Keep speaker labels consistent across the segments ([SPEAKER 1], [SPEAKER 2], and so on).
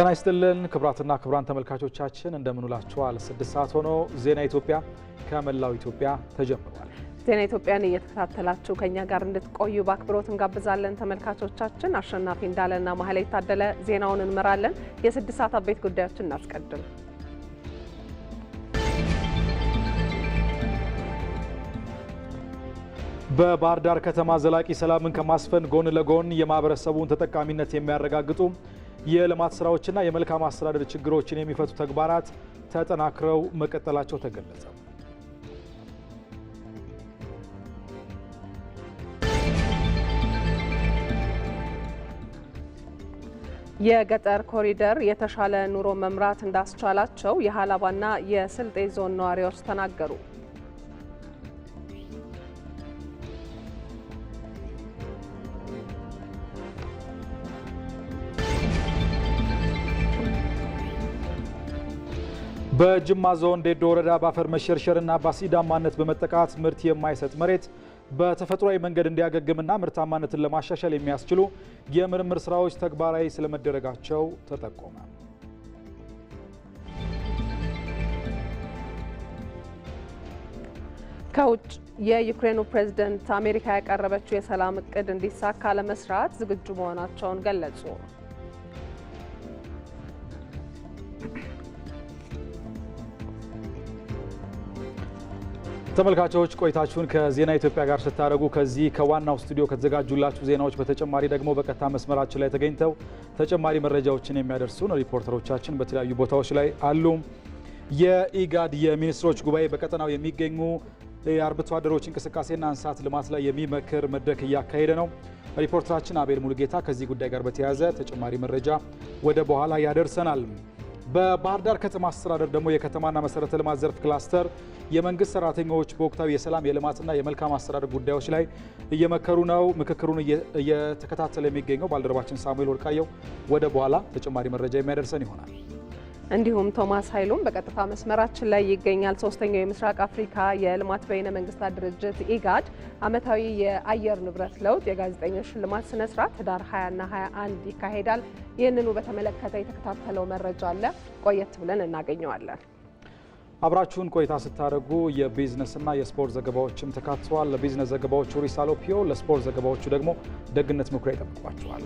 [SPEAKER 1] ጤና ይስጥልን ክብራትና ክብራን ተመልካቾቻችን እንደምንውላችኋል። ስድስት ሰዓት ሆኖ ዜና ኢትዮጵያ ከመላው ኢትዮጵያ ተጀምሯል።
[SPEAKER 2] ዜና ኢትዮጵያን እየተከታተላችሁ ከእኛ ጋር እንድትቆዩ በአክብሮት እንጋብዛለን። ተመልካቾቻችን አሸናፊ እንዳለና መሀል የታደለ ዜናውን እንመራለን። የስድስት ሰዓት አበይት ጉዳዮችን እናስቀድም።
[SPEAKER 1] በባህር ዳር ከተማ ዘላቂ ሰላምን ከማስፈን ጎን ለጎን የማህበረሰቡን ተጠቃሚነት የሚያረጋግጡ የልማት ስራዎችና የመልካም አስተዳደር ችግሮችን የሚፈቱ ተግባራት ተጠናክረው መቀጠላቸው ተገለጸ።
[SPEAKER 2] የገጠር ኮሪደር የተሻለ ኑሮ መምራት እንዳስቻላቸው የሀላባና የስልጤ ዞን ነዋሪዎች ተናገሩ።
[SPEAKER 1] በጅማ ዞን ዴዶ ወረዳ በአፈር መሸርሸርና በአሲዳማነት በመጠቃት ምርት የማይሰጥ መሬት በተፈጥሯዊ መንገድ እንዲያገግምና ምርታማነትን ለማሻሻል የሚያስችሉ የምርምር ስራዎች ተግባራዊ ስለመደረጋቸው ተጠቆመ።
[SPEAKER 2] ከውጭ የዩክሬኑ ፕሬዝደንት አሜሪካ ያቀረበችው የሰላም እቅድ እንዲሳካ ለመስራት ዝግጁ መሆናቸውን ገለጹ።
[SPEAKER 1] ተመልካቾች ቆይታችሁን ከዜና ኢትዮጵያ ጋር ስታደርጉ ከዚህ ከዋናው ስቱዲዮ ከተዘጋጁላችሁ ዜናዎች በተጨማሪ ደግሞ በቀጥታ መስመራችን ላይ ተገኝተው ተጨማሪ መረጃዎችን የሚያደርሱን ሪፖርተሮቻችን በተለያዩ ቦታዎች ላይ አሉ። የኢጋድ የሚኒስትሮች ጉባኤ በቀጠናው የሚገኙ የአርብቶ አደሮች እንቅስቃሴና እንስሳት ልማት ላይ የሚመክር መድረክ እያካሄደ ነው። ሪፖርተራችን አቤል ሙሉጌታ ከዚህ ጉዳይ ጋር በተያያዘ ተጨማሪ መረጃ ወደ በኋላ ያደርሰናል። በባህር ዳር ከተማ አስተዳደር ደግሞ የከተማና መሰረተ ልማት ዘርፍ ክላስተር የመንግስት ሰራተኞች በወቅታዊ የሰላም የልማትና የመልካም አስተዳደር ጉዳዮች ላይ እየመከሩ ነው። ምክክሩን እየተከታተለ የሚገኘው ባልደረባችን ሳሙኤል ወርቃየው ወደ በኋላ ተጨማሪ መረጃ የሚያደርሰን ይሆናል።
[SPEAKER 2] እንዲሁም ቶማስ ኃይሉም በቀጥታ መስመራችን ላይ ይገኛል። ሶስተኛው የምስራቅ አፍሪካ የልማት በይነ መንግስታት ድርጅት ኢጋድ ዓመታዊ የአየር ንብረት ለውጥ የጋዜጠኞች ሽልማት ስነስርዓት ህዳር 20ና 21 ይካሄዳል። ይህንኑ በተመለከተ የተከታተለው መረጃ አለ፣ ቆየት ብለን እናገኘዋለን።
[SPEAKER 1] አብራችሁን ቆይታ ስታደርጉ የቢዝነስና የስፖርት ዘገባዎችም ተካተዋል። ለቢዝነስ ዘገባዎቹ ሪሳሎፒዮ፣ ለስፖርት ዘገባዎቹ ደግሞ ደግነት ምኩሪያ ይጠብቋቸዋል።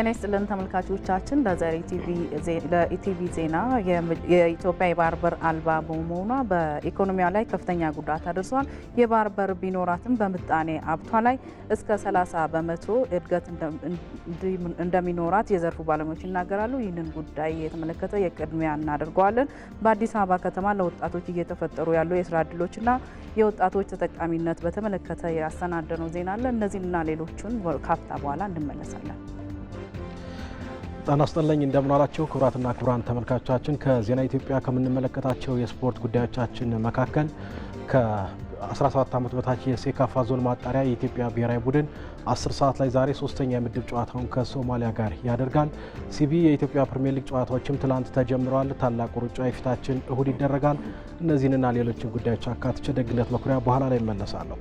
[SPEAKER 2] ጤና
[SPEAKER 3] ይስጥልን ተመልካቾቻችን፣ ለዛሬ ዜና የኢትዮጵያ የባህር በር አልባ በመሆኗ በኢኮኖሚዋ ላይ ከፍተኛ ጉዳት አድርሷል። የባህር በር ቢኖራትም በምጣኔ ሀብቷ ላይ እስከ 30 በመቶ እድገት እንደሚኖራት የዘርፉ ባለሙያዎች ይናገራሉ። ይህንን ጉዳይ የተመለከተ የቅድሚያ እናደርገዋለን። በአዲስ አበባ ከተማ ለወጣቶች እየተፈጠሩ ያሉ የስራ እድሎችና የወጣቶች ተጠቃሚነት በተመለከተ ያሰናደነው ዜና አለ። እነዚህና ሌሎቹን ካፍታ በኋላ እንመለሳለን።
[SPEAKER 4] ጤና ይስጥልኝ እንደምን አላችሁ ክቡራትና ክቡራን ተመልካቾቻችን። ከዜና ኢትዮጵያ ከምንመለከታቸው የስፖርት ጉዳዮቻችን መካከል ከ17 ዓመት በታች የሴካፋ ዞን ማጣሪያ የኢትዮጵያ ብሔራዊ ቡድን 10 ሰዓት ላይ ዛሬ ሶስተኛ የምድብ ጨዋታውን ከሶማሊያ ጋር ያደርጋል። ሲቢ የኢትዮጵያ ፕሪምየር ሊግ ጨዋታዎችም ትላንት ተጀምረዋል። ታላቁ ሩጫ የፊታችን እሁድ ይደረጋል። እነዚህንና ሌሎችን ጉዳዮች አካትቼ ደግነት መኩሪያ በኋላ ላይ እመለሳለሁ።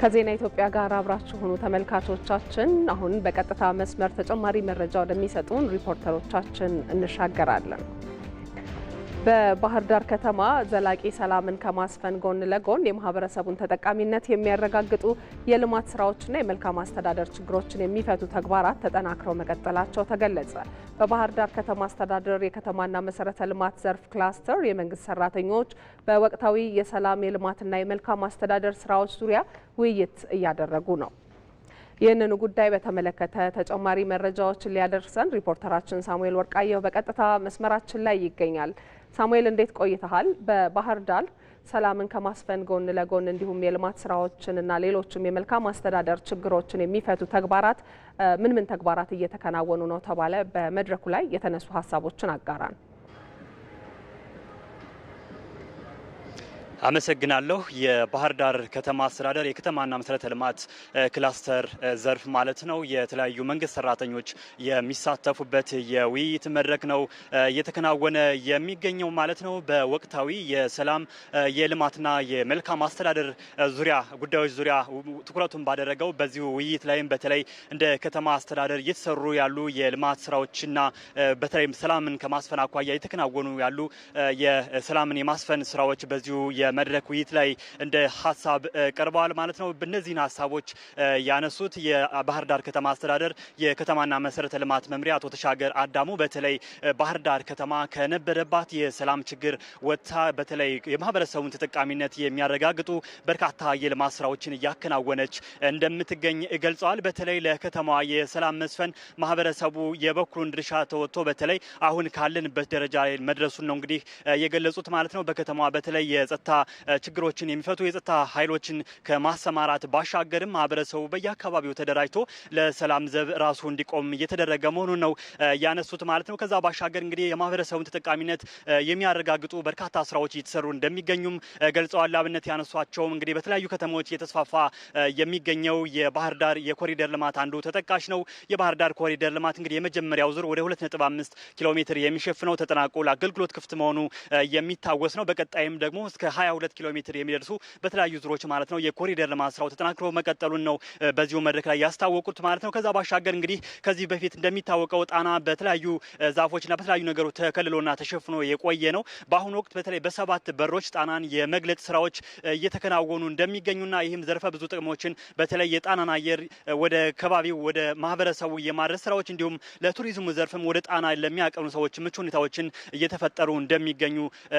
[SPEAKER 2] ከዜና ኢትዮጵያ ጋር አብራችሁ ሆኑ ተመልካቾቻችን። አሁን በቀጥታ መስመር ተጨማሪ መረጃ ወደሚሰጡን ሪፖርተሮቻችን እንሻገራለን። በባህር ዳር ከተማ ዘላቂ ሰላምን ከማስፈን ጎን ለጎን የማህበረሰቡን ተጠቃሚነት የሚያረጋግጡ የልማት ስራዎችና የመልካም አስተዳደር ችግሮችን የሚፈቱ ተግባራት ተጠናክረው መቀጠላቸው ተገለጸ። በባህር ዳር ከተማ አስተዳደር የከተማና መሰረተ ልማት ዘርፍ ክላስተር የመንግስት ሰራተኞች በወቅታዊ የሰላም የልማትና የመልካም አስተዳደር ስራዎች ዙሪያ ውይይት እያደረጉ ነው። ይህንኑ ጉዳይ በተመለከተ ተጨማሪ መረጃዎችን ሊያደርሰን ሪፖርተራችን ሳሙኤል ወርቃየሁ በቀጥታ መስመራችን ላይ ይገኛል። ሳሙኤል እንዴት ቆይተሃል? በባህር ዳር ሰላምን ከማስፈን ጎን ለጎን እንዲሁም የልማት ስራዎችን እና ሌሎችም የመልካም አስተዳደር ችግሮችን የሚፈቱ ተግባራት ምን ምን ተግባራት እየተከናወኑ ነው ተባለ? በመድረኩ ላይ የተነሱ ሀሳቦችን አጋራን።
[SPEAKER 5] አመሰግናለሁ። የባህር ዳር ከተማ አስተዳደር የከተማና መሰረተ ልማት ክላስተር ዘርፍ ማለት ነው የተለያዩ መንግስት ሰራተኞች የሚሳተፉበት የውይይት መድረክ ነው እየተከናወነ የሚገኘው ማለት ነው። በወቅታዊ የሰላም የልማትና የመልካም አስተዳደር ዙሪያ ጉዳዮች ዙሪያ ትኩረቱን ባደረገው በዚሁ ውይይት ላይም በተለይ እንደ ከተማ አስተዳደር እየተሰሩ ያሉ የልማት ስራዎችና በተለይም ሰላምን ከማስፈን አኳያ እየተከናወኑ ያሉ የሰላምን የማስፈን ስራዎች በዚሁ የመድረክ ውይይት ላይ እንደ ሀሳብ ቀርበዋል ማለት ነው። እነዚህን ሀሳቦች ያነሱት የባህር ዳር ከተማ አስተዳደር የከተማና መሰረተ ልማት መምሪያ አቶ ተሻገር አዳሙ በተለይ ባህር ዳር ከተማ ከነበረባት የሰላም ችግር ወጥታ በተለይ የማህበረሰቡን ተጠቃሚነት የሚያረጋግጡ በርካታ የልማት ስራዎችን እያከናወነች እንደምትገኝ ገልጸዋል። በተለይ ለከተማዋ የሰላም መስፈን ማህበረሰቡ የበኩሉን ድርሻ ተወጥቶ በተለይ አሁን ካለንበት ደረጃ መድረሱን ነው እንግዲህ የገለጹት ማለት ነው። በከተማዋ በተለይ የጸጥታ ችግሮችን የሚፈቱ የጸጥታ ኃይሎችን ከማሰማራት ባሻገርም ማህበረሰቡ በየአካባቢው ተደራጅቶ ለሰላም ዘብ ራሱ እንዲቆም እየተደረገ መሆኑን ነው ያነሱት ማለት ነው። ከዛ ባሻገር እንግዲህ የማህበረሰቡን ተጠቃሚነት የሚያረጋግጡ በርካታ ስራዎች እየተሰሩ እንደሚገኙም ገልጸዋል። ለአብነት ያነሷቸውም እንግዲህ በተለያዩ ከተሞች እየተስፋፋ የሚገኘው የባህር ዳር የኮሪደር ልማት አንዱ ተጠቃሽ ነው። የባህር ዳር ኮሪደር ልማት እንግዲህ የመጀመሪያው ዙር ወደ 2.5 ኪሎ ሜትር የሚሸፍነው ተጠናቆ ለአገልግሎት ክፍት መሆኑ የሚታወስ ነው። በቀጣይም ደግሞ እስከ 22 ኪሎ ሜትር የሚደርሱ በተለያዩ ዙሮች ማለት ነው የኮሪደር ልማት ስራው ተጠናክሮ መቀጠሉን ነው በዚሁ መድረክ ላይ ያስታወቁት ማለት ነው። ከዛ ባሻገር እንግዲህ ከዚህ በፊት እንደሚታወቀው ጣና በተለያዩ ዛፎችና በተለያዩ ነገሮች ተከልሎና ተሸፍኖ የቆየ ነው። በአሁኑ ወቅት በተለይ በሰባት በሮች ጣናን የመግለጥ ስራዎች እየተከናወኑ እንደሚገኙና ይህም ዘርፈ ብዙ ጥቅሞችን በተለይ የጣናን አየር ወደ ከባቢው ወደ ማህበረሰቡ የማድረስ ስራዎች እንዲሁም ለቱሪዝሙ ዘርፍም ወደ ጣና ለሚያቀኑ ሰዎች ምቹ ሁኔታዎችን እየተፈጠሩ እንደሚገኙ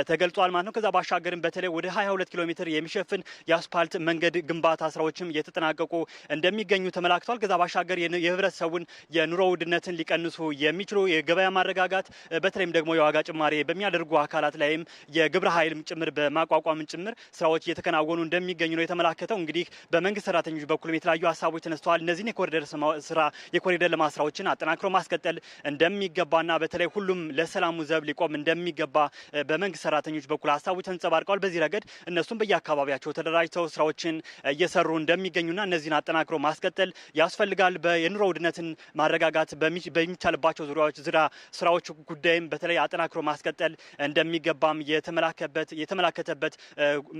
[SPEAKER 5] ተገልጿል ማለት ነው። ከዛ ባሻገርም በተለይ ወደ 22 ኪሎ ሜትር የሚሸፍን የአስፓልት መንገድ ግንባታ ስራዎችም የተጠናቀቁ እንደሚገኙ ተመላክቷል። ከዛ ባሻገር የህብረተሰቡን የኑሮ ውድነትን ሊቀንሱ የሚችሉ የገበያ ማረጋጋት፣ በተለይም ደግሞ የዋጋ ጭማሪ በሚያደርጉ አካላት ላይም የግብረ ኃይልም ጭምር በማቋቋም ጭምር ስራዎች እየተከናወኑ እንደሚገኙ ነው የተመላከተው። እንግዲህ በመንግስት ሰራተኞች በኩልም የተለያዩ ሀሳቦች ተነስተዋል። እነዚህን የኮሪደር ስራ የኮሪደር ልማት ስራዎችን አጠናክሮ ማስቀጠል እንደሚገባና በተለይ ሁሉም ለሰላሙ ዘብ ሊቆም እንደሚገባ በመንግስት ሰራተኞች በኩል ሀሳቦች ተንጸባርቀዋል። በዚህ ረገድ እነሱም በየአካባቢያቸው ተደራጅተው ስራዎችን እየሰሩ እንደሚገኙና እነዚህን አጠናክሮ ማስቀጠል ያስፈልጋል። የኑሮ ውድነትን ማረጋጋት በሚቻልባቸው ዙሪያዎች ዝራ ስራዎች ጉዳይም በተለይ አጠናክሮ ማስቀጠል እንደሚገባም የተመላከተበት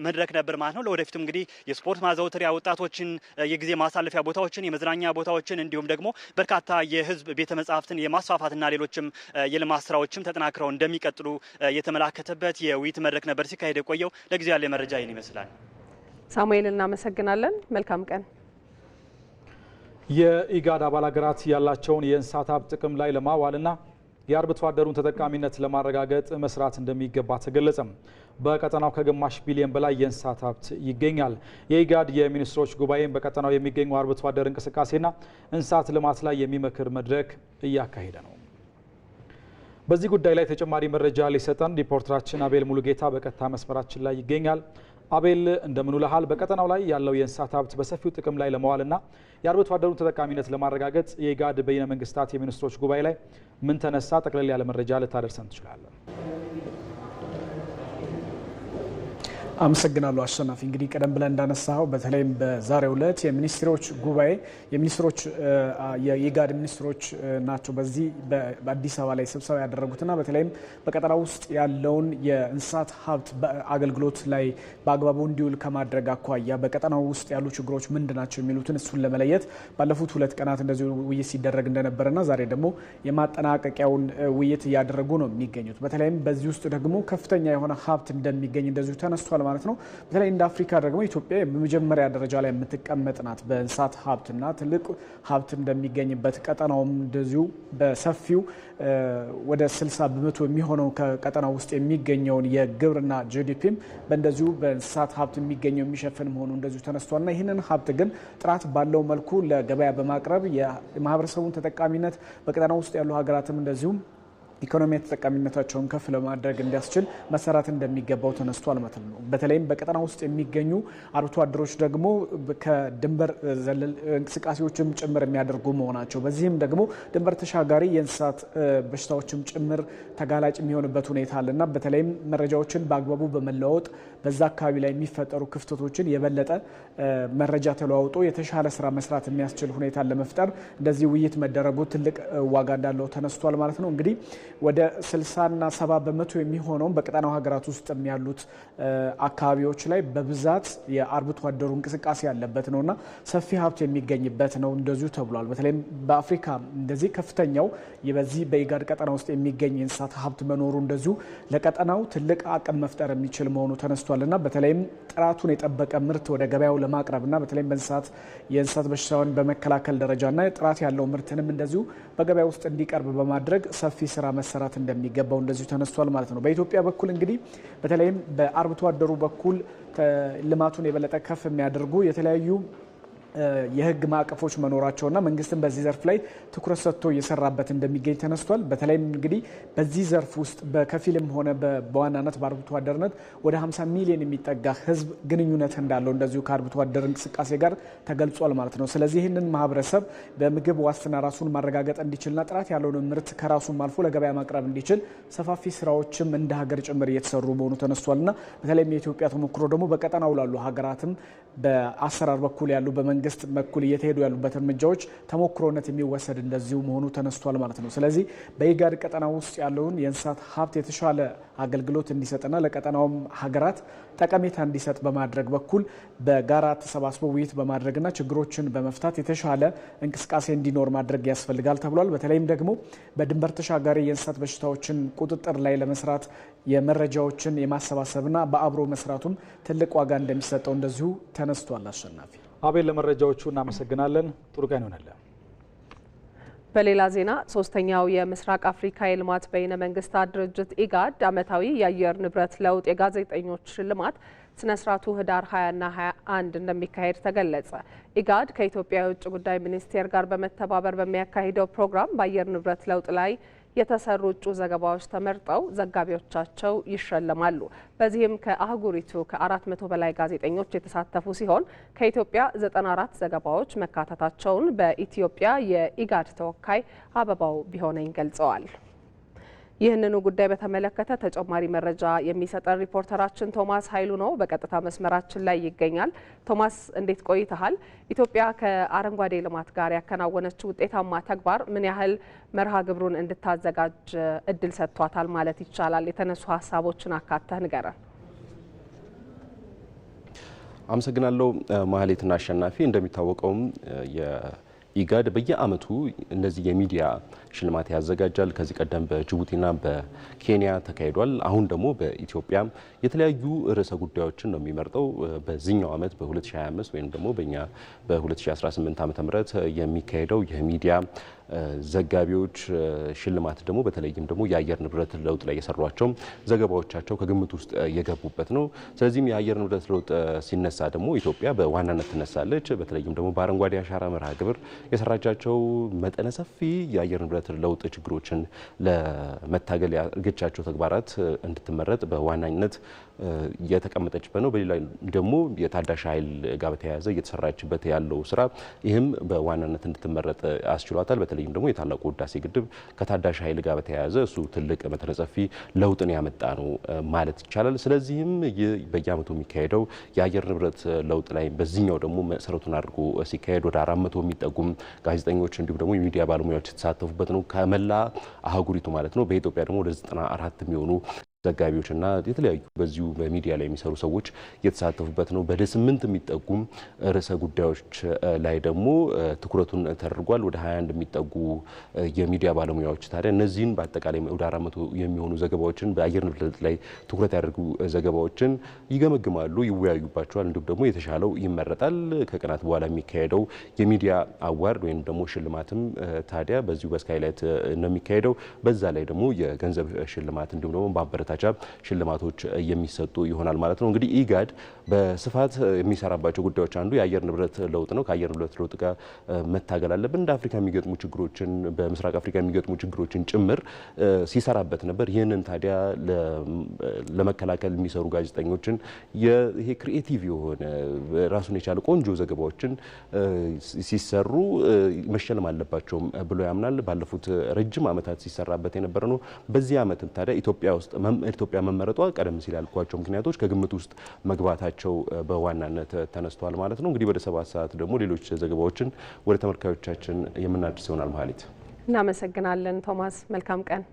[SPEAKER 5] መድረክ ነበር ማለት ነው። ለወደፊቱም እንግዲህ የስፖርት ማዘውተሪያ ወጣቶችን፣ የጊዜ ማሳለፊያ ቦታዎችን፣ የመዝናኛ ቦታዎችን እንዲሁም ደግሞ በርካታ የህዝብ ቤተ መጻሕፍትን የማስፋፋትና ሌሎችም የልማት ስራዎችም ተጠናክረው እንደሚቀጥሉ የተመላከተበት የውይይት መድረክ ነበር ሲካሄድ የቆየው። ለጊዜ ያለ መረጃ ይህን ይመስላል።
[SPEAKER 2] ሳሙኤል እናመሰግናለን። መልካም ቀን።
[SPEAKER 1] የኢጋድ አባል ሀገራት ያላቸውን የእንስሳት ሀብት ጥቅም ላይ ለማዋልና የአርብቶ አደሩን ተጠቃሚነት ለማረጋገጥ መስራት እንደሚገባ ተገለጸም። በቀጠናው ከግማሽ ቢሊዮን በላይ የእንስሳት ሀብት ይገኛል። የኢጋድ የሚኒስትሮች ጉባኤም በቀጠናው የሚገኙ አርብቶ አደር እንቅስቃሴና እንስሳት ልማት ላይ የሚመክር መድረክ እያካሄደ ነው። በዚህ ጉዳይ ላይ ተጨማሪ መረጃ ሊሰጠን ሪፖርተራችን አቤል ሙሉጌታ በቀጥታ መስመራችን ላይ ይገኛል። አቤል እንደምን ውለሃል? በቀጠናው ላይ ያለው የእንስሳት ሀብት በሰፊው ጥቅም ላይ ለመዋልና የአርብቶ አደሩን ተጠቃሚነት ለማረጋገጥ የኢጋድ በይነ መንግስታት የሚኒስትሮች ጉባኤ ላይ ምን ተነሳ? ጠቅለል ያለ መረጃ ልታደርሰን ትችላለን?
[SPEAKER 4] አመሰግናለሁ አሸናፊ። እንግዲህ ቀደም ብለን እንዳነሳው በተለይም በዛሬው ዕለት የሚኒስትሮች ጉባኤ የሚኒስትሮች የኢጋድ ሚኒስትሮች ናቸው በዚህ በአዲስ አበባ ላይ ስብሰባ ያደረጉትና በተለይም በቀጠና ውስጥ ያለውን የእንስሳት ሀብት አገልግሎት ላይ በአግባቡ እንዲውል ከማድረግ አኳያ በቀጠናው ውስጥ ያሉ ችግሮች ምንድን ናቸው የሚሉትን እሱን ለመለየት ባለፉት ሁለት ቀናት እንደዚሁ ውይይት ሲደረግ እንደነበረና ዛሬ ደግሞ የማጠናቀቂያውን ውይይት እያደረጉ ነው የሚገኙት። በተለይም በዚህ ውስጥ ደግሞ ከፍተኛ የሆነ ሀብት እንደሚገኝ እንደዚሁ ተነስቷል ማለት ነው። በተለይ እንደ አፍሪካ ደግሞ ኢትዮጵያ በመጀመሪያ ደረጃ ላይ የምትቀመጥ ናት በእንስሳት ሀብትና ትልቅ ሀብት እንደሚገኝበት ቀጠናውም እንደዚሁ በሰፊው ወደ 60 በመቶ የሚሆነው ከቀጠና ውስጥ የሚገኘውን የግብርና ጂዲፒም በእንደዚሁ በእንስሳት ሀብት የሚገኘው የሚሸፍን መሆኑ እንደዚሁ ተነስቷልና ይህንን ሀብት ግን ጥራት ባለው መልኩ ለገበያ በማቅረብ የማህበረሰቡን ተጠቃሚነት በቀጠና ውስጥ ያሉ ሀገራትም እንደዚሁም ኢኮኖሚ ተጠቃሚነታቸውን ከፍ ለማድረግ እንዲያስችል መሰራት እንደሚገባው ተነስቷል ማለት ነው። በተለይም በቀጠና ውስጥ የሚገኙ አርብቶ አደሮች ደግሞ ከድንበር ዘለል እንቅስቃሴዎችም ጭምር የሚያደርጉ መሆናቸው በዚህም ደግሞ ድንበር ተሻጋሪ የእንስሳት በሽታዎችም ጭምር ተጋላጭ የሚሆንበት ሁኔታ አለና በተለይም መረጃዎችን በአግባቡ በመለዋወጥ በዛ አካባቢ ላይ የሚፈጠሩ ክፍተቶችን የበለጠ መረጃ ተለዋውጦ የተሻለ ስራ መስራት የሚያስችል ሁኔታን ለመፍጠር እንደዚህ ውይይት መደረጉ ትልቅ ዋጋ እንዳለው ተነስቷል ማለት ነው እንግዲህ ወደ 60ና 70 በመቶ የሚሆነውን በቀጠናው ሀገራት ውስጥ ያሉት አካባቢዎች ላይ በብዛት የአርብቶ አደሩ እንቅስቃሴ ያለበት ነውና ሰፊ ሀብት የሚገኝበት ነው እንደዚሁ ተብሏል። በተለይም በአፍሪካ እንደዚህ ከፍተኛው በዚህ በኢጋድ ቀጠና ውስጥ የሚገኝ የእንስሳት ሀብት መኖሩ እንደዚሁ ለቀጠናው ትልቅ አቅም መፍጠር የሚችል መሆኑ ተነስቷልና በተለይም ጥራቱን የጠበቀ ምርት ወደ ገበያው ለማቅረብና በተለይም በእንስሳት የእንስሳት በሽታውን በመከላከል ደረጃና ጥራት ያለው ምርትንም እንደዚሁ በገበያ ውስጥ እንዲቀርብ በማድረግ ሰፊ ስራ መሰራት እንደሚገባው እንደዚሁ ተነስቷል ማለት ነው። በኢትዮጵያ በኩል እንግዲህ በተለይም በአርብቶ አደሩ በኩል ልማቱን የበለጠ ከፍ የሚያደርጉ የተለያዩ የህግ ማዕቀፎች መኖራቸውና መንግስትም በዚህ ዘርፍ ላይ ትኩረት ሰጥቶ እየሰራበት እንደሚገኝ ተነስቷል። በተለይም እንግዲህ በዚህ ዘርፍ ውስጥ በከፊልም ሆነ በዋናነት በአርብቶ አደርነት ወደ 50 ሚሊዮን የሚጠጋ ህዝብ ግንኙነት እንዳለው እንደዚሁ ከአርብቶ አደር እንቅስቃሴ ጋር ተገልጿል ማለት ነው። ስለዚህ ይህንን ማህበረሰብ በምግብ ዋስትና ራሱን ማረጋገጥ እንዲችልና ጥራት ያለውን ምርት ከራሱም አልፎ ለገበያ ማቅረብ እንዲችል ሰፋፊ ስራዎችም እንደ ሀገር ጭምር እየተሰሩ መሆኑ ተነስቷልና በተለይም የኢትዮጵያ ተሞክሮ ደግሞ በቀጠናው ላሉ ሀገራትም በአሰራር በኩል ያሉ በመንግስት በኩል እየተሄዱ ያሉበት እርምጃዎች ተሞክሮነት የሚወሰድ እንደዚሁ መሆኑ ተነስቷል ማለት ነው። ስለዚህ በኢጋድ ቀጠና ውስጥ ያለውን የእንስሳት ሀብት የተሻለ አገልግሎት እንዲሰጥና ለቀጠናውም ሀገራት ጠቀሜታ እንዲሰጥ በማድረግ በኩል በጋራ ተሰባስቦ ውይይት በማድረግና ችግሮችን በመፍታት የተሻለ እንቅስቃሴ እንዲኖር ማድረግ ያስፈልጋል ተብሏል። በተለይም ደግሞ በድንበር ተሻጋሪ የእንስሳት በሽታዎችን ቁጥጥር ላይ ለመስራት የመረጃዎችን የማሰባሰብና በአብሮ መስራቱም ትልቅ ዋጋ እንደሚሰጠው እንደዚሁ ተነስቷል።
[SPEAKER 1] አሸናፊ አቤል ለመረጃዎቹ እናመሰግናለን። ጥሩ ቀን ይሆነለን።
[SPEAKER 2] በሌላ ዜና ሶስተኛው የምስራቅ አፍሪካ የልማት በይነ መንግስታት ድርጅት ኢጋድ ዓመታዊ የአየር ንብረት ለውጥ የጋዜጠኞች ሽልማት ስነ ስርዓቱ ህዳር 20ና 21 እንደሚካሄድ ተገለጸ። ኢጋድ ከኢትዮጵያ የውጭ ጉዳይ ሚኒስቴር ጋር በመተባበር በሚያካሂደው ፕሮግራም በአየር ንብረት ለውጥ ላይ የተሰሩ እጩ ዘገባዎች ተመርጠው ዘጋቢዎቻቸው ይሸለማሉ። በዚህም ከአህጉሪቱ ከ400 በላይ ጋዜጠኞች የተሳተፉ ሲሆን ከኢትዮጵያ 94 ዘገባዎች መካተታቸውን በኢትዮጵያ የኢጋድ ተወካይ አበባው ቢሆነኝ ገልጸዋል። ይህንኑ ጉዳይ በተመለከተ ተጨማሪ መረጃ የሚሰጠን ሪፖርተራችን ቶማስ ኃይሉ ነው። በቀጥታ መስመራችን ላይ ይገኛል። ቶማስ እንዴት ቆይተሃል? ኢትዮጵያ ከአረንጓዴ ልማት ጋር ያከናወነችው ውጤታማ ተግባር ምን ያህል መርሃ ግብሩን እንድታዘጋጅ እድል ሰጥቷታል ማለት ይቻላል? የተነሱ ሀሳቦችን አካተህ ንገረን።
[SPEAKER 6] አመሰግናለሁ ማህሌትና አሸናፊ እንደሚታወቀውም ኢጋድ በየአመቱ እነዚህ የሚዲያ ሽልማት ያዘጋጃል። ከዚህ ቀደም በጅቡቲና በኬንያ ተካሂዷል። አሁን ደግሞ በኢትዮጵያ የተለያዩ ርዕሰ ጉዳዮችን ነው የሚመርጠው። በዚህኛው ዓመት በ2025 ወይም ደግሞ በእኛ በ2018 ዓ ም የሚካሄደው የሚዲያ ዘጋቢዎች ሽልማት ደግሞ በተለይም ደግሞ የአየር ንብረት ለውጥ ላይ የሰሯቸው ዘገባዎቻቸው ከግምት ውስጥ የገቡበት ነው። ስለዚህም የአየር ንብረት ለውጥ ሲነሳ ደግሞ ኢትዮጵያ በዋናነት ትነሳለች። በተለይም ደግሞ በአረንጓዴ አሻራ መርሃ ግብር የሰራቻቸው መጠነ ሰፊ የአየር ንብረት ለውጥ ችግሮችን ለመታገል ያርገቻቸው ተግባራት እንድትመረጥ በዋናነት የተቀመጠችበት ነው። በሌላ ደግሞ የታዳሽ ኃይል ጋር በተያያዘ እየተሰራችበት ያለው ስራ ይህም በዋናነት እንድትመረጥ አስችሏታል። በተለይም ደግሞ የታላቁ ህዳሴ ግድብ ከታዳሽ ኃይል ጋር በተያያዘ እሱ ትልቅ መጠነ ሰፊ ለውጥን ያመጣ ነው ማለት ይቻላል። ስለዚህም በየአመቱ የሚካሄደው የአየር ንብረት ለውጥ ላይ በዚህኛው ደግሞ መሰረቱን አድርጎ ሲካሄድ ወደ አራት መቶ የሚጠጉም ጋዜጠኞች እንዲሁም ደግሞ የሚዲያ ባለሙያዎች የተሳተፉበት ነው ከመላ አህጉሪቱ ማለት ነው። በኢትዮጵያ ደግሞ ወደ ዘጠና አራት የሚሆኑ ዘጋቢዎች እና የተለያዩ በዚሁ በሚዲያ ላይ የሚሰሩ ሰዎች እየተሳተፉበት ነው። ወደ ስምንት የሚጠጉም ርዕሰ ጉዳዮች ላይ ደግሞ ትኩረቱን ተደርጓል። ወደ 21 የሚጠጉ የሚዲያ ባለሙያዎች ታዲያ እነዚህን በአጠቃላይ ወደ 400 የሚሆኑ ዘገባዎችን በአየር ንብረት ላይ ትኩረት ያደርጉ ዘገባዎችን ይገመግማሉ፣ ይወያዩባቸዋል። እንዲሁም ደግሞ የተሻለው ይመረጣል። ከቀናት በኋላ የሚካሄደው የሚዲያ አዋርድ ወይም ደግሞ ሽልማትም ታዲያ በዚሁ በስካይላይት ነው የሚካሄደው። በዛ ላይ ደግሞ የገንዘብ ሽልማት እንዲሁም ደግሞ መበረታቻ ሽልማቶች የሚሰጡ ይሆናል ማለት ነው። እንግዲህ ኢጋድ በስፋት የሚሰራባቸው ጉዳዮች አንዱ የአየር ንብረት ለውጥ ነው። ከአየር ንብረት ለውጥ ጋር መታገል አለብን። እንደ አፍሪካ የሚገጥሙ ችግሮችን በምስራቅ አፍሪካ የሚገጥሙ ችግሮችን ጭምር ሲሰራበት ነበር። ይህንን ታዲያ ለመከላከል የሚሰሩ ጋዜጠኞችን ይሄ ክሪኤቲቭ የሆነ ራሱን የቻለ ቆንጆ ዘገባዎችን ሲሰሩ መሸለም አለባቸውም ብሎ ያምናል። ባለፉት ረጅም ዓመታት ሲሰራበት የነበረ ነው። በዚህ ዓመትም ታዲያ ኢትዮጵያ ውስጥ ኢትዮጵያ መመረጧ ቀደም ሲል ያልኳቸው ምክንያቶች ከግምት ውስጥ መግባታቸው በዋናነት ተነስተዋል ማለት ነው። እንግዲህ ወደ ሰባት ሰዓት ደግሞ ሌሎች ዘገባዎችን ወደ ተመልካዮቻችን የምናድርስ ይሆናል። መሀሊት፣
[SPEAKER 2] እናመሰግናለን ቶማስ። መልካም ቀን።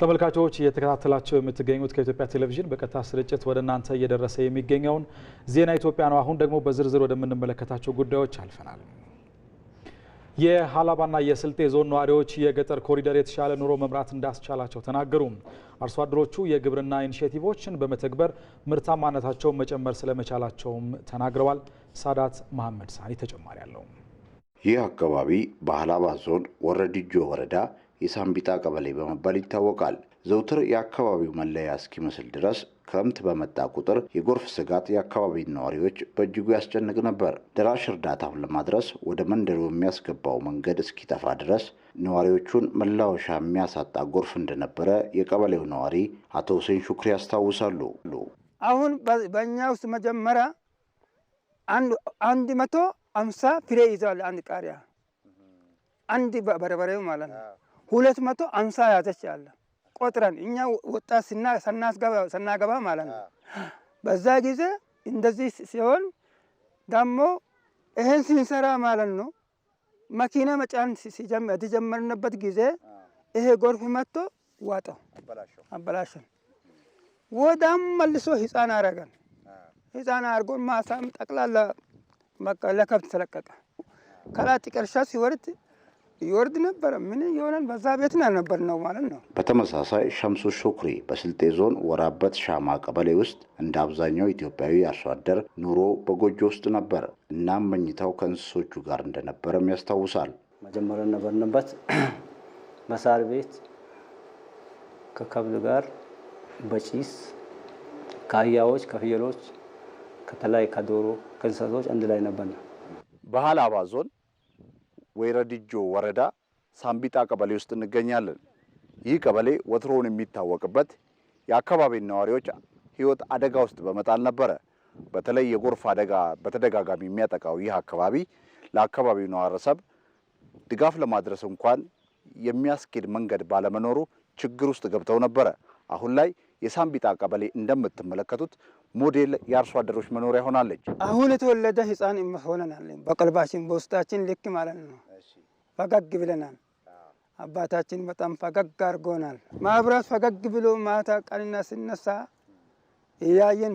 [SPEAKER 1] ተመልካቾች እየተከታተላቸው የምትገኙት ከኢትዮጵያ ቴሌቪዥን በቀጥታ ስርጭት ወደ እናንተ እየደረሰ የሚገኘውን ዜና ኢትዮጵያ ነው። አሁን ደግሞ በዝርዝር ወደምንመለከታቸው ጉዳዮች አልፈናል። የሀላባና የስልጤ ዞን ነዋሪዎች የገጠር ኮሪደር የተሻለ ኑሮ መምራት እንዳስቻላቸው ተናገሩ። አርሶ አደሮቹ የግብርና ኢኒሽቲቮችን በመተግበር ምርታማነታቸውን መጨመር ስለመቻላቸውም ተናግረዋል። ሳዳት መሐመድ ሳኒ ተጨማሪ አለው።
[SPEAKER 7] ይህ አካባቢ በሀላባ ዞን ወረዲጆ ወረዳ የሳምቢጣ ቀበሌ በመባል ይታወቃል። ዘውትር የአካባቢው መለያ እስኪመስል ድረስ ክረምት በመጣ ቁጥር የጎርፍ ስጋት የአካባቢን ነዋሪዎች በእጅጉ ያስጨንቅ ነበር። ደራሽ እርዳታውን ለማድረስ ወደ መንደሩ የሚያስገባው መንገድ እስኪጠፋ ድረስ ነዋሪዎቹን መላወሻ የሚያሳጣ ጎርፍ እንደነበረ የቀበሌው ነዋሪ አቶ ሁሴን ሹክሪ ያስታውሳሉ።
[SPEAKER 8] አሁን በእኛ ውስጥ መጀመሪያ አንድ መቶ አምሳ ፍሬ ይዘዋል። አንድ ቃሪያ አንድ በርበሬው ማለት ነው። ሁለት መቶ አምሳ ያዘች አለ ቆጥረን እኛ ወጣት ስናገባ ማለት ነው። በዛ ጊዜ እንደዚህ ሲሆን ደግሞ ይህን ስንሰራ ማለት ነው መኪና መጫን የተጀመርንበት ጊዜ ይሄ ጎርፍ መጥቶ ዋጠው አበላሸን። ወዳም መልሶ ህፃን አረገን። ህፃን አርጎን ማሳም ጠቅላላ ለከብት ተለቀቀ። ከላይ ሲወርድ ይወርድ ነበረ። ምን የሆነን በዛ ቤት ነበር ነው ማለት ነው።
[SPEAKER 7] በተመሳሳይ ሸምሱ ሹክሪ በስልጤ ዞን ወራበት ሻማ ቀበሌ ውስጥ እንደ አብዛኛው ኢትዮጵያዊ አርሶ አደር ኑሮ በጎጆ ውስጥ ነበር። እናም መኝታው ከእንስሶቹ ጋር እንደነበረም ያስታውሳል። መጀመሪያ ነበርንበት በሳር ቤት ከከብት ጋር
[SPEAKER 8] በጭስ ከአህያዎች፣ ከፍየሎች፣ ከተለያዩ ከዶሮ ከእንስሳቶች አንድ ላይ ነበር።
[SPEAKER 7] በሀላባ ዞን ወይረድጆ ወረዳ ሳምቢጣ ቀበሌ ውስጥ እንገኛለን። ይህ ቀበሌ ወትሮውን የሚታወቅበት የአካባቢን ነዋሪዎች ሕይወት አደጋ ውስጥ በመጣል ነበረ። በተለይ የጎርፍ አደጋ በተደጋጋሚ የሚያጠቃው ይህ አካባቢ ለአካባቢው ነዋረሰብ ድጋፍ ለማድረስ እንኳን የሚያስኬድ መንገድ ባለመኖሩ ችግር ውስጥ ገብተው ነበረ። አሁን ላይ የሳምቢጣ ቀበሌ እንደምትመለከቱት ሞዴል የአርሶ አደሮች መኖሪያ ሆናለች። አሁን የተወለደ
[SPEAKER 8] ሕፃን ሆነናል። በቀልባችን በውስጣችን ልክ ማለት ነው። ፈገግ ብለናል። አባታችን በጣም ፈገግ አድርጎናል። ማብራት ፈገግ ብሎ ማታ ቀንና ስነሳ እያየን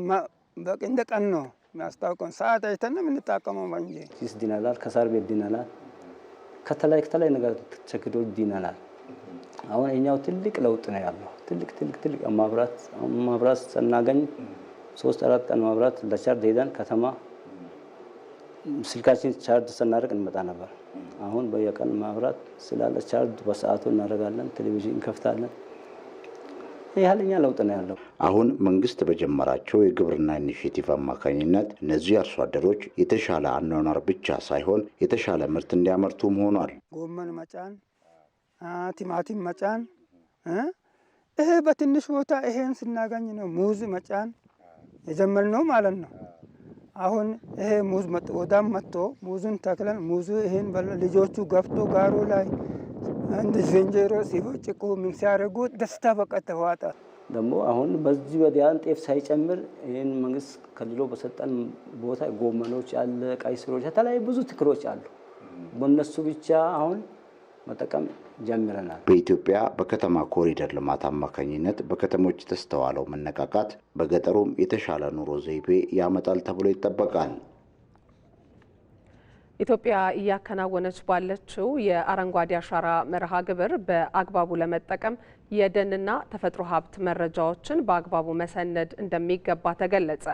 [SPEAKER 8] እንደ ቀን ነው የሚያስታውቀን። ሰዓት አይተን የምንጠቀመው እንጂ ሲስ ዲናላል ከሳር ቤት ዲናላል ከተለያይ ከተለያይ ነገር ተቸግዶ ዲናላል። አሁን እኛው ትልቅ ለውጥ ነው ያለው። ትልቅ ትልቅ ትልቅ ማብራት ማብራት ስናገኝ ሶስት አራት ቀን መብራት ለቻርድ ሄደን ከተማ ስልካችን ቻርድ ስናደርግ እንመጣ ነበር። አሁን በየቀን መብራት ስላለ ቻርድ በሰዓቱ እናደርጋለን። ቴሌቪዥን እንከፍታለን። ያህልኛ ለውጥ ነው ያለው።
[SPEAKER 7] አሁን መንግስት በጀመራቸው የግብርና ኢኒሽቲቭ አማካኝነት እነዚህ አርሶ አደሮች የተሻለ አኗኗር ብቻ ሳይሆን የተሻለ ምርት እንዲያመርቱ መሆኗል።
[SPEAKER 8] ጎመን መጫን፣ ቲማቲም መጫን፣ ይሄ በትንሽ ቦታ ይሄን ስናገኝ ነው። ሙዝ መጫን የጀመርነው ማለት ነው። አሁን ይሄ ሙዝ ወዳም መጥቶ ሙዙን ተክለን ሙዙ ይሄን ልጆቹ ገፍቶ ጋሩ ላይ አንድ ዝንጀሮ ሲቦጭቁ ምን ሲያደርጉ ደስታ በቃ ተዋጣ። ደግሞ አሁን በዚህ ወዲያን ጤፍ ሳይጨምር ይህን መንግስት ከልሎ በሰጠን ቦታ ጎመኖች አለ፣ ቀይ ስሮች፣ የተለያዩ ብዙ ትክሎች አሉ። በእነሱ ብቻ አሁን መጠቀም ጀምረናል።
[SPEAKER 7] በኢትዮጵያ በከተማ ኮሪደር ልማት አማካኝነት በከተሞች የተስተዋለው መነቃቃት በገጠሩም የተሻለ ኑሮ ዘይቤ ያመጣል ተብሎ ይጠበቃል።
[SPEAKER 2] ኢትዮጵያ እያከናወነች ባለችው የአረንጓዴ አሻራ መርሃ ግብር በአግባቡ ለመጠቀም የደንና ተፈጥሮ ሀብት መረጃዎችን በአግባቡ መሰነድ እንደሚገባ ተገለጸ።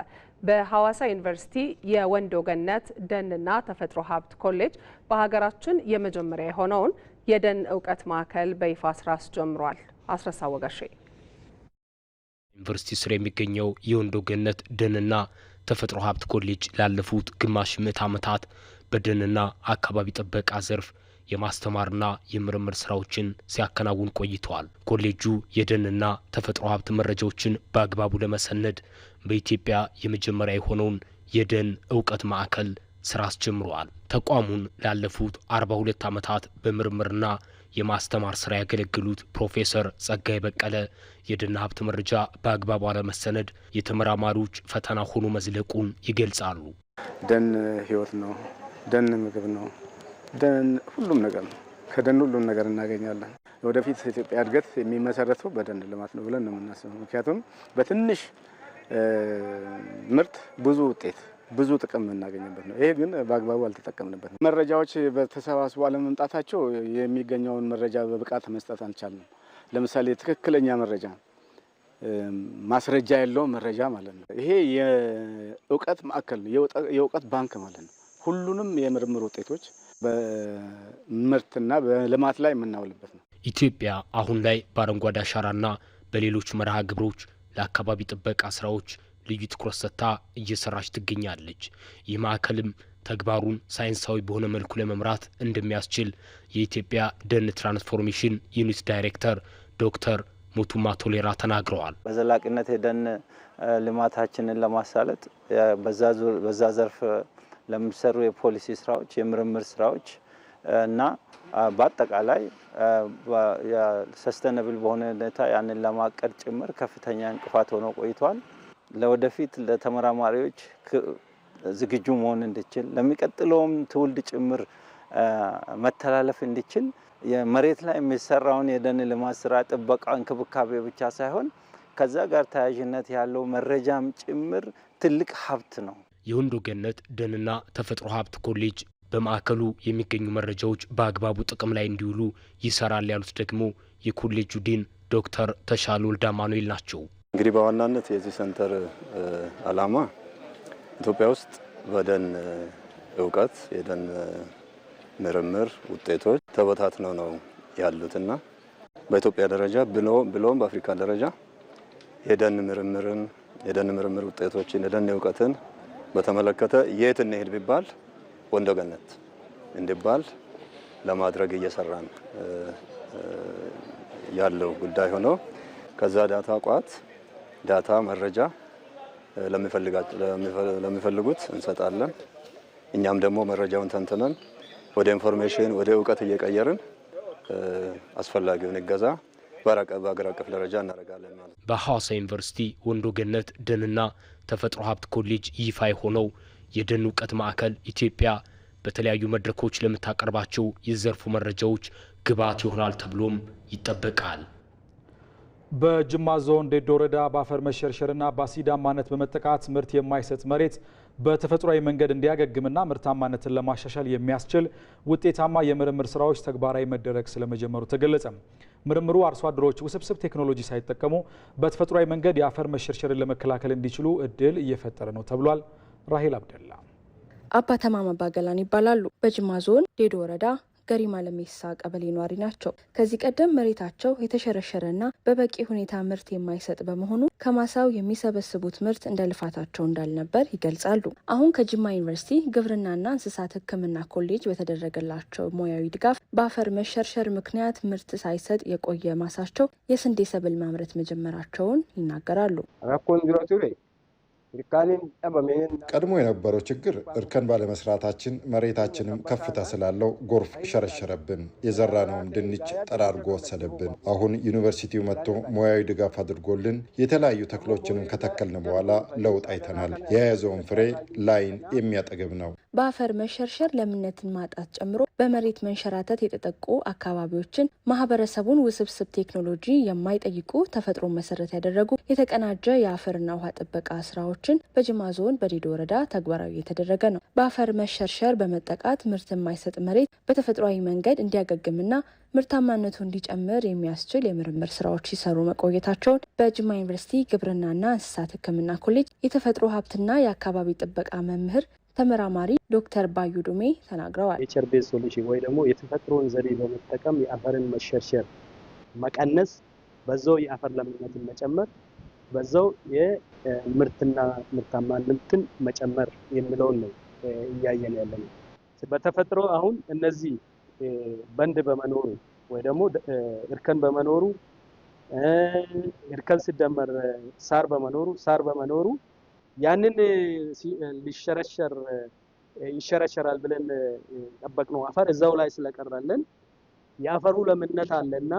[SPEAKER 2] በሐዋሳ ዩኒቨርሲቲ የወንዶ ገነት ደንና ተፈጥሮ ሀብት ኮሌጅ በሀገራችን የመጀመሪያ የሆነውን የደን እውቀት ማዕከል በይፋ ስራ አስጀምሯል። አስረሳ ወጋሼ
[SPEAKER 9] ዩኒቨርሲቲ ስር የሚገኘው የወንዶ ገነት ደንና ተፈጥሮ ሀብት ኮሌጅ ላለፉት ግማሽ ምዕት ዓመታት በደንና አካባቢ ጥበቃ ዘርፍ የማስተማርና የምርምር ስራዎችን ሲያከናውን ቆይተዋል። ኮሌጁ የደንና ተፈጥሮ ሀብት መረጃዎችን በአግባቡ ለመሰነድ በኢትዮጵያ የመጀመሪያ የሆነውን የደን እውቀት ማዕከል ስራ አስጀምረዋል። ተቋሙን ላለፉት 42 ዓመታት በምርምርና የማስተማር ስራ ያገለግሉት ፕሮፌሰር ጸጋይ በቀለ የደን ሀብት መረጃ በአግባቡ አለመሰነድ የተመራማሪዎች ፈተና ሆኖ መዝለቁን ይገልጻሉ።
[SPEAKER 4] ደን ህይወት ነው። ደን ምግብ ነው። ደን ሁሉም ነገር ነው። ከደን ሁሉም ነገር እናገኛለን። ወደፊት ኢትዮጵያ እድገት የሚመሰረተው በደን ልማት ነው ብለን ነው የምናስበው። ምክንያቱም በትንሽ ምርት ብዙ ውጤት ብዙ ጥቅም የምናገኝበት ነው። ይሄ ግን በአግባቡ አልተጠቀምንበት ነው። መረጃዎች በተሰባስቦ አለመምጣታቸው የሚገኘውን መረጃ በብቃት መስጠት አልቻልንም። ለምሳሌ ትክክለኛ መረጃ ማስረጃ ያለው መረጃ ማለት ነው። ይሄ የእውቀት ማዕከል ነው፣ የእውቀት ባንክ ማለት ነው። ሁሉንም የምርምር ውጤቶች በምርትና በልማት ላይ የምናውልበት ነው።
[SPEAKER 9] ኢትዮጵያ አሁን ላይ በአረንጓዴ አሻራና በሌሎች መርሃ ግብሮች ለአካባቢ ጥበቃ ስራዎች ልዩ ትኩረት ሰጥታ እየሰራች ትገኛለች። ይህ ማዕከልም ተግባሩን ሳይንሳዊ በሆነ መልኩ ለመምራት እንደሚያስችል የኢትዮጵያ ደን ትራንስፎርሜሽን ዩኒት ዳይሬክተር ዶክተር ሞቱማ ቶሌራ ተናግረዋል።
[SPEAKER 8] በዘላቂነት የደን ልማታችንን ለማሳለጥ በዛ ዘርፍ ለሚሰሩ የፖሊሲ ስራዎች፣ የምርምር ስራዎች እና በአጠቃላይ ሰስተነብል በሆነ ሁኔታ ያንን ለማቀድ ጭምር ከፍተኛ እንቅፋት ሆኖ ቆይቷል። ለወደፊት ለተመራማሪዎች ዝግጁ መሆን እንዲችል ለሚቀጥለውም ትውልድ ጭምር መተላለፍ እንዲችል የመሬት ላይ የሚሰራውን የደን ልማት ስራ ጥበቃ፣ እንክብካቤ ብቻ ሳይሆን ከዛ ጋር ተያያዥነት ያለው መረጃም ጭምር ትልቅ ሀብት ነው።
[SPEAKER 9] የወንዶ ገነት ደንና ተፈጥሮ ሀብት ኮሌጅ በማዕከሉ የሚገኙ መረጃዎች በአግባቡ ጥቅም ላይ እንዲውሉ ይሰራል ያሉት ደግሞ የኮሌጁ ዲን ዶክተር ተሻለ ወልደ አማኑኤል ናቸው።
[SPEAKER 7] እንግዲህ በዋናነት የዚህ ሴንተር ዓላማ ኢትዮጵያ ውስጥ በደን እውቀት የደን ምርምር ውጤቶች ተበታትነው ነው ያሉትና በኢትዮጵያ ደረጃ ብሎም በአፍሪካ ደረጃ የደን ምርምርን የደን ምርምር ውጤቶችን የደን እውቀትን በተመለከተ የት እንሄድ ቢባል ወንደገነት እንዲባል ለማድረግ እየሰራን ያለው ጉዳይ ሆኖ ከዛ ዳታ ቋት ዳታ መረጃ ለሚፈልጉት እንሰጣለን። እኛም ደግሞ መረጃውን ተንትነን ወደ ኢንፎርሜሽን ወደ እውቀት እየቀየርን አስፈላጊውን እገዛ በሀገር አቀፍ ደረጃ እናደርጋለን
[SPEAKER 9] ማለት ነው። በሐዋሳ ዩኒቨርሲቲ ወንዶ ገነት ደንና ተፈጥሮ ሀብት ኮሌጅ ይፋ የሆነው የደን እውቀት ማዕከል ኢትዮጵያ በተለያዩ መድረኮች ለምታቀርባቸው የዘርፉ መረጃዎች ግብዓት ይሆናል ተብሎም ይጠበቃል።
[SPEAKER 1] በጅማ ዞን ዴዶ ወረዳ በአፈር መሸርሸርና በአሲዳማነት በመጠቃት ምርት የማይሰጥ መሬት በተፈጥሯዊ መንገድ እንዲያገግምና ምርታማነትን ለማሻሻል የሚያስችል ውጤታማ የምርምር ስራዎች ተግባራዊ መደረግ ስለመጀመሩ ተገለጸ። ምርምሩ አርሶ አደሮች ውስብስብ ቴክኖሎጂ ሳይጠቀሙ በተፈጥሯዊ መንገድ የአፈር መሸርሸርን ለመከላከል እንዲችሉ እድል እየፈጠረ ነው ተብሏል። ራሄል አብደላ
[SPEAKER 3] አባተማማ ባገላን ይባላሉ። በጅማ ዞን ዴዶ ወረዳ ገሪማ ለሜሳ ቀበሌ ኗሪ ናቸው። ከዚህ ቀደም መሬታቸው የተሸረሸረና በበቂ ሁኔታ ምርት የማይሰጥ በመሆኑ ከማሳው የሚሰበስቡት ምርት እንደ ልፋታቸው እንዳልነበር ይገልጻሉ። አሁን ከጅማ ዩኒቨርሲቲ ግብርናና እንስሳት ሕክምና ኮሌጅ በተደረገላቸው ሙያዊ ድጋፍ በአፈር መሸርሸር ምክንያት ምርት ሳይሰጥ የቆየ ማሳቸው የስንዴ ሰብል ማምረት መጀመራቸውን ይናገራሉ።
[SPEAKER 6] ቀድሞ የነበረው ችግር እርከን ባለመስራታችን መሬታችንም ከፍታ ስላለው ጎርፍ ሸረሸረብን። የዘራነውን ድንች ጠራርጎ ወሰደብን። አሁን ዩኒቨርሲቲው መጥቶ ሙያዊ ድጋፍ አድርጎልን የተለያዩ ተክሎችንም ከተከልን በኋላ ለውጥ አይተናል። የያዘውን ፍሬ ላይን የሚያጠግብ ነው።
[SPEAKER 3] በአፈር መሸርሸር ለምነትን ማጣት ጨምሮ በመሬት መንሸራተት የተጠቁ አካባቢዎችን ማህበረሰቡን ውስብስብ ቴክኖሎጂ የማይጠይቁ ተፈጥሮ መሰረት ያደረጉ የተቀናጀ የአፈርና ውሃ ጥበቃ ስራዎች ስራዎችን በጅማ ዞን በዲዶ ወረዳ ተግባራዊ የተደረገ ነው። በአፈር መሸርሸር በመጠቃት ምርት የማይሰጥ መሬት በተፈጥሯዊ መንገድ እንዲያገግምና ምርታማነቱ እንዲጨምር የሚያስችል የምርምር ስራዎች ሲሰሩ መቆየታቸውን በጅማ ዩኒቨርሲቲ ግብርናና እንስሳት ሕክምና ኮሌጅ የተፈጥሮ ሀብትና የአካባቢ ጥበቃ መምህር ተመራማሪ ዶክተር ባዩ ዱሜ
[SPEAKER 9] ተናግረዋል። ኔቸር ቤዝ ሶሉሽን ወይ ደግሞ የተፈጥሮን ዘዴ በመጠቀም የአፈርን መሸርሸር መቀነስ፣ በዛው የአፈር ለምነትን መጨመር በዛው የምርትና ምርታማነትን መጨመር የሚለውን ነው እያየን ያለ ነው። በተፈጥሮ አሁን እነዚህ በንድ በመኖሩ ወይ ደግሞ እርከን በመኖሩ እርከን ሲደመር ሳር በመኖሩ ሳር በመኖሩ ያንን ሊሸረሸር ይሸረሸራል ብለን ጠበቅነው አፈር እዛው ላይ ስለቀረለን የአፈሩ ለምነት አለና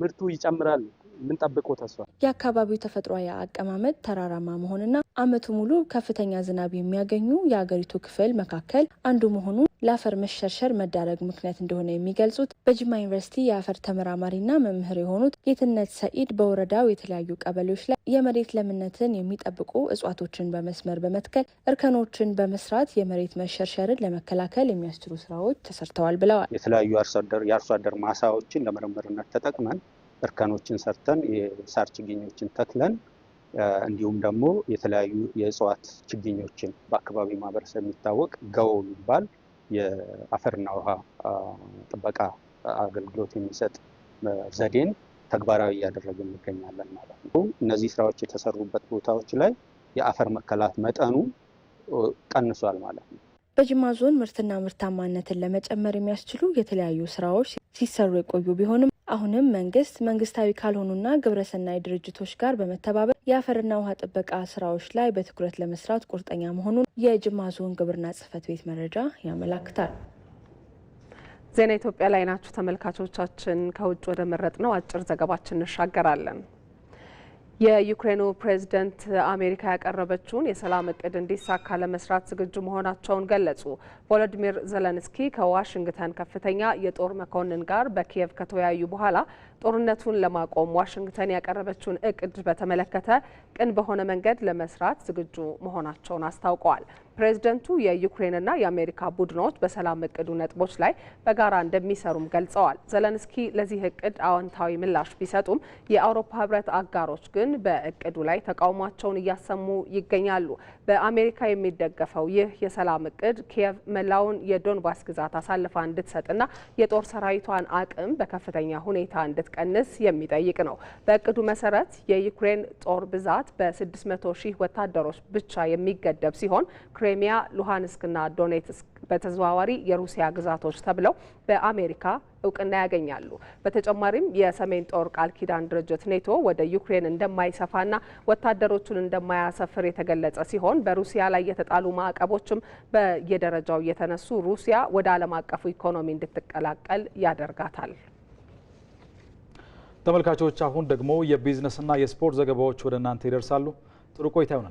[SPEAKER 9] ምርቱ ይጨምራል። የምንጠብቀው ተስፋ።
[SPEAKER 3] የአካባቢው ተፈጥሯዊ አቀማመጥ ተራራማ መሆንና ዓመቱ ሙሉ ከፍተኛ ዝናብ የሚያገኙ የአገሪቱ ክፍል መካከል አንዱ መሆኑ ለአፈር መሸርሸር መዳረግ ምክንያት እንደሆነ የሚገልጹት በጅማ ዩኒቨርሲቲ የአፈር ተመራማሪና መምህር የሆኑት ጌትነት ሰኢድ በወረዳው የተለያዩ ቀበሌዎች ላይ የመሬት ለምነትን የሚጠብቁ እጽዋቶችን በመስመር በመትከል እርከኖችን በመስራት የመሬት መሸርሸርን ለመከላከል የሚያስችሉ ስራዎች ተሰርተዋል ብለዋል።
[SPEAKER 7] የተለያዩ የአርሶ አደር ማሳዎችን ለምርምርነት ተጠቅመን እርከኖችን ሰርተን የሳር ችግኞችን ተክለን እንዲሁም ደግሞ የተለያዩ የእጽዋት ችግኞችን በአካባቢ ማህበረሰብ የሚታወቅ ገው የሚባል የአፈርና ውሃ ጥበቃ አገልግሎት የሚሰጥ ዘዴን ተግባራዊ እያደረግ እንገኛለን ማለት ነው። እነዚህ ስራዎች የተሰሩበት ቦታዎች ላይ የአፈር መከላት መጠኑ ቀንሷል ማለት ነው።
[SPEAKER 3] በጅማ ዞን ምርትና ምርታማነትን ለመጨመር የሚያስችሉ የተለያዩ ስራዎች ሲሰሩ የቆዩ ቢሆንም አሁንም መንግስት መንግስታዊ ካልሆኑና ግብረሰናይ ድርጅቶች ጋር በመተባበር የአፈርና ውሃ ጥበቃ ስራዎች ላይ በትኩረት ለመስራት ቁርጠኛ መሆኑን የጅማ ዞን ግብርና ጽህፈት ቤት መረጃ
[SPEAKER 2] ያመላክታል። ዜና ኢትዮጵያ ላይ ናችሁ ተመልካቾቻችን። ከውጭ ወደ መረጥ ነው አጭር ዘገባችን እንሻገራለን። የዩክሬኑ ፕሬዝደንት አሜሪካ ያቀረበችውን የሰላም እቅድ እንዲሳካ ለመስራት ዝግጁ መሆናቸውን ገለጹ። ቮሎዲሚር ዘለንስኪ ከዋሽንግተን ከፍተኛ የጦር መኮንን ጋር በኪየቭ ከተወያዩ በኋላ ጦርነቱን ለማቆም ዋሽንግተን ያቀረበችውን እቅድ በተመለከተ ቅን በሆነ መንገድ ለመስራት ዝግጁ መሆናቸውን አስታውቀዋል። ፕሬዝደንቱ የዩክሬንና የአሜሪካ ቡድኖች በሰላም እቅዱ ነጥቦች ላይ በጋራ እንደሚሰሩም ገልጸዋል። ዘለንስኪ ለዚህ እቅድ አዎንታዊ ምላሽ ቢሰጡም የአውሮፓ ሕብረት አጋሮች ግን በእቅዱ ላይ ተቃውሟቸውን እያሰሙ ይገኛሉ። በአሜሪካ የሚደገፈው ይህ የሰላም እቅድ ኪየቭ መላውን የዶንባስ ግዛት አሳልፋ እንድትሰጥና የጦር ሰራዊቷን አቅም በከፍተኛ ሁኔታ እንድት እንድትቀንስ የሚጠይቅ ነው። በእቅዱ መሰረት የዩክሬን ጦር ብዛት በ600 ሺህ ወታደሮች ብቻ የሚገደብ ሲሆን ክሬሚያ፣ ሉሃንስክና ዶኔትስክ በተዘዋዋሪ የሩሲያ ግዛቶች ተብለው በአሜሪካ እውቅና ያገኛሉ። በተጨማሪም የሰሜን ጦር ቃል ኪዳን ድርጅት ኔቶ ወደ ዩክሬን እንደማይሰፋና ወታደሮቹን እንደማያሰፍር የተገለጸ ሲሆን በሩሲያ ላይ የተጣሉ ማዕቀቦችም በየደረጃው እየተነሱ ሩሲያ ወደ ዓለም አቀፉ ኢኮኖሚ እንድትቀላቀል ያደርጋታል።
[SPEAKER 1] ተመልካቾች አሁን ደግሞ የቢዝነስና የስፖርት ዘገባዎች ወደ እናንተ ይደርሳሉ። ጥሩ ቆይታ ይሆናል።